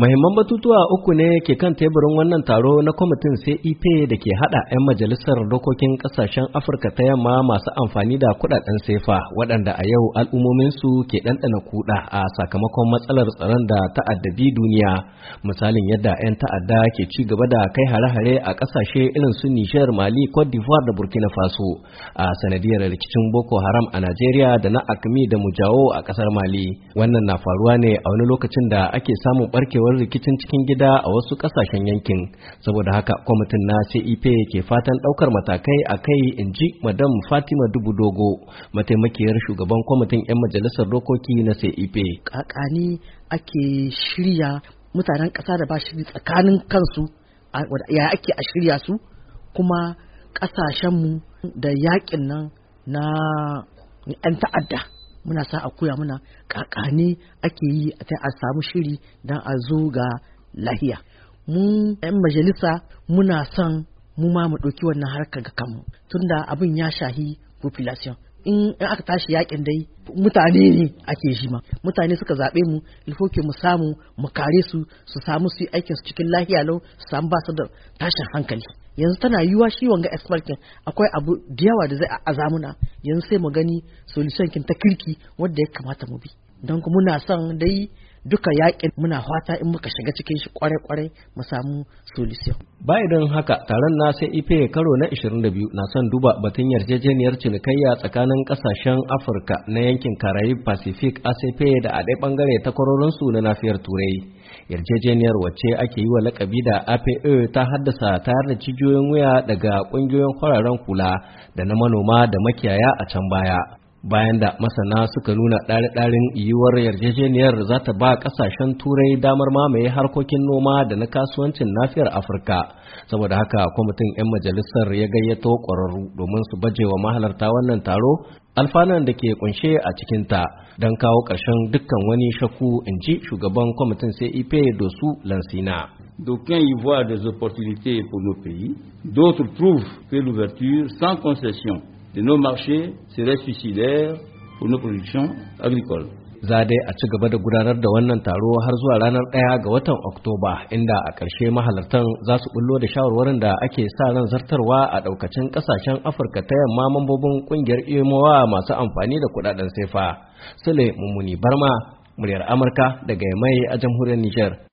Muhimman batutuwa uku ne ke kan teburin wannan taro na kwamitin CEP da ke hada 'yan majalisar dokokin kasashen Afirka ta yamma masu amfani da kudaden sefa waɗanda a yau al'ummominsu ke ɗanɗana kuɗa a sakamakon matsalar tsaron da ta'addabi duniya. Misalin yadda 'yan ta'adda ke ci gaba da kai hare-hare a ƙasashe irin su Nijar, Mali, Cote d'Ivoire da Burkina Faso a sanadiyar rikicin Boko Haram a Najeriya da na Akmi da Mujawo a ƙasar Mali. Wannan na faruwa ne a wani lokacin da ake samun barkewar barkewar rikicin cikin gida a wasu kasashen yankin saboda haka kwamitin na cep ke fatan daukar matakai a kai in ji madam fatima dubu dogo mataimakiyar shugaban kwamitin 'yan majalisar dokoki na cep kakani ake shirya mutanen ƙasa da ba tsakanin kansu ya ake a shirya su kuma ƙasashenmu da yaƙin nan na 'yan ta'adda muna sa a koya muna kakani ake yi a samu shiri don a zo ga lahiya mu 'yan majalisa muna son mu ma mu ɗauki wannan harkar ga kanmu tunda abin ya shahi population in aka tashi yakin dai mutane ne ake shi ma mutane suka zaɓe mu ilfoke mu samu mu kare su su samu su yi aikin su cikin lahiya lau su samu ba su da tashin hankali yanzu tana yiwuwa shi wanga expertin akwai abu da yawa da zai a zamuna yanzu sai mu gani solution kin ta kirki wanda ya kamata mu bi don muna son dai duka yakin muna fata in muka shiga cikin shi kwarai-kwarai mu samu solution. Bayan don haka taron na sai ife karo na 22 na son duba batun yarjejeniyar cinikayya tsakanin kasashen Afirka na yankin Karayi Pacific ACP da a ɗaya bangare su na nafiyar Turai. Yarjejeniyar wacce ake yi wa lakabi da APE ta haddasa tayar da cijiyoyin wuya daga ƙungiyoyin kwararen kula da na manoma da makiyaya a can baya. bayan da masana suka nuna ɗare-ɗaren yiwuwar yarjejeniyar za ta ba ƙasashen turai damar mamaye harkokin noma da na kasuwancin nafiyar afirka saboda haka kwamitin 'yan majalisar ya gayyato ƙwararru domin su baje wa mahalarta wannan taro alfanan da ke kunshe a cikinta don kawo ƙarshen dukkan wani shaku in ji shugaban kwamitin cep dosu lansina D'aucuns y voient des opportunités pour nos pays, d'autres trouvent que l'ouverture sans concession de nos marchés serait suicidaire pour nos productions agricoles. Za dai a ci gaba da gudanar da wannan taro har zuwa ranar ɗaya ga watan Oktoba inda a ƙarshe mahalartan za su bullo da shawarwarin da ake sa ran zartarwa a ɗaukacin ƙasashen Afirka ta yamma mambobin ƙungiyar imowa e masu amfani da kuɗaɗen sefa. Sule Mummuni Barma, muryar Amurka daga mai a jamhuriyar Nijar.